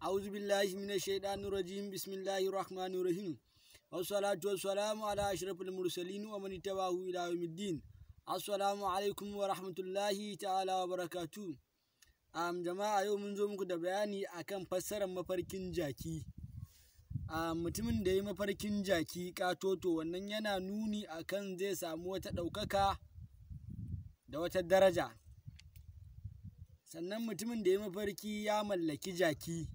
A'udzu billahi minasyaitonir rajim. Bismillahirrahmanirrahim. Wassalatu wassalamu ala asyrafil mursalin wa man tabi'ahu ila yaumiddin. Assalamu alaikum warahmatullahi ta'ala wabarakatuh. Am jama'a yau mun zo muku da bayani akan fassarar mafarkin jaki. Um, mutumin da ya mafarkin jaki katoto wannan yana nuni akan zai samu wata ɗaukaka da wata daraja sannan mutumin da ya mafarki ya mallaki jaki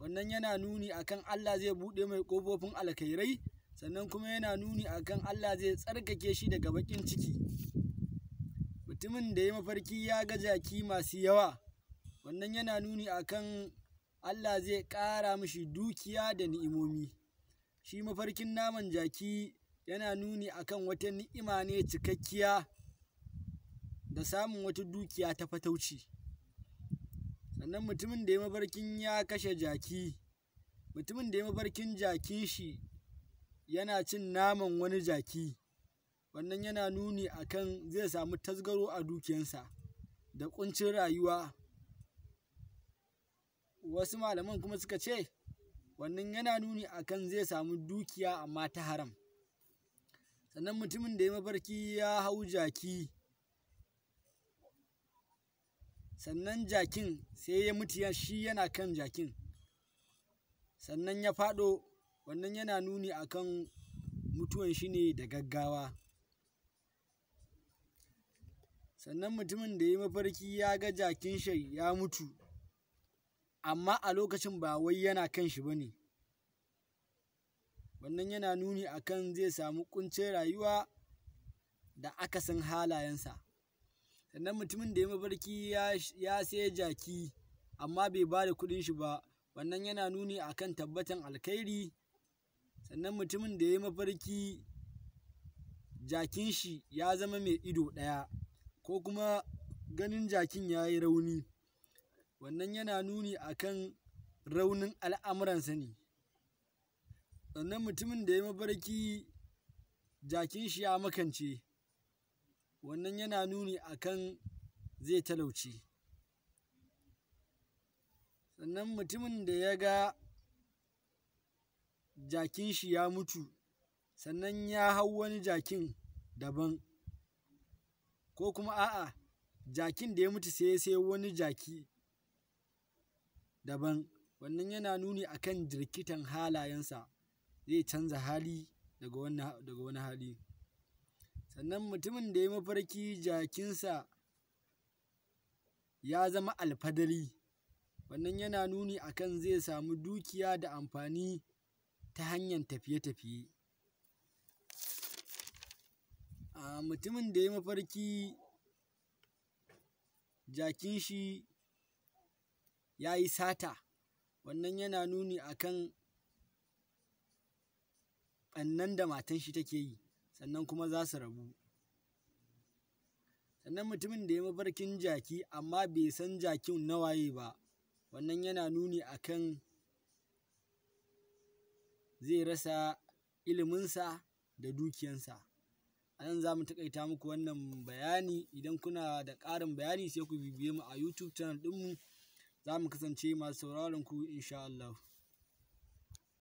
wannan yana nuni akan Allah zai buɗe mai kofofin alkhairai sannan kuma yana nuni akan Allah zai tsarkake shi daga bakin ciki mutumin da ya mafarki ya ga jaki masu yawa wannan yana nuni akan Allah zai ƙara mishi dukiya da ni'imomi shi mafarkin naman jaki yana nuni akan wata ni'ima ne cikakkiya da samun wata dukiya ta fatauci. sannan mutumin da ya mafarkin ya kashe jaki mutumin da ya mafarkin jakin shi yana cin naman wani jaki wannan yana nuni akan zai samu tasgaro a dukiyansa da kuncin rayuwa wasu malaman kuma suka ce wannan yana nuni akan zai samu dukiya amma ta haram sannan mutumin da ya mafarki ya hau jaki sannan jakin sai ya mutu shi yana kan jakin sannan ya faɗo wannan yana nuni akan mutuwan shi ne da gaggawa sannan mutumin da ya mafarki ya ga jakin shai ya mutu amma a lokacin ba wai yana kan shi ba ne wannan yana nuni akan zai samu ƙuncin rayuwa da akasin halayensa sannan mutumin da ya mafarki ya sai jaki amma bai ba da kuɗin shi ba wannan yana nuni akan tabbatan alkhairi sannan mutumin da ya mafarki jakin shi ya zama mai ido ɗaya ko kuma ganin jakin ya yi rauni wannan yana nuni akan raunin al'amuransa ne sannan mutumin da ya mafarki jakin shi ya makance wannan yana nuni a kan zai talauci. sannan mutumin da ya ga jakin shi ya mutu sannan ya hau wani jakin daban ko kuma a'a jakin da ya mutu sai sai wani jaki daban wannan yana nuni a kan jirkitan halayensa zai canza hali daga wani hali sannan mutumin da ya mafarki jakinsa ya zama alfadari wannan yana nuni akan zai samu dukiya da amfani ta hanyar tafiye-tafiye a mutumin da ya mafarki jakin shi ya yi sata wannan yana nuni akan ɓannan da matan shi take yi sannan kuma za su rabu sannan mutumin da ya mafarkin jaki amma bai san jakin nawaye ba wannan yana nuni a kan zai rasa iliminsa da dukiyansa a nan za mu taƙaita muku wannan bayani idan kuna da ƙarin bayani sai ku bibiye mu a youtube channel ɗinmu za mu kasance masu sauraron ku insha Allah.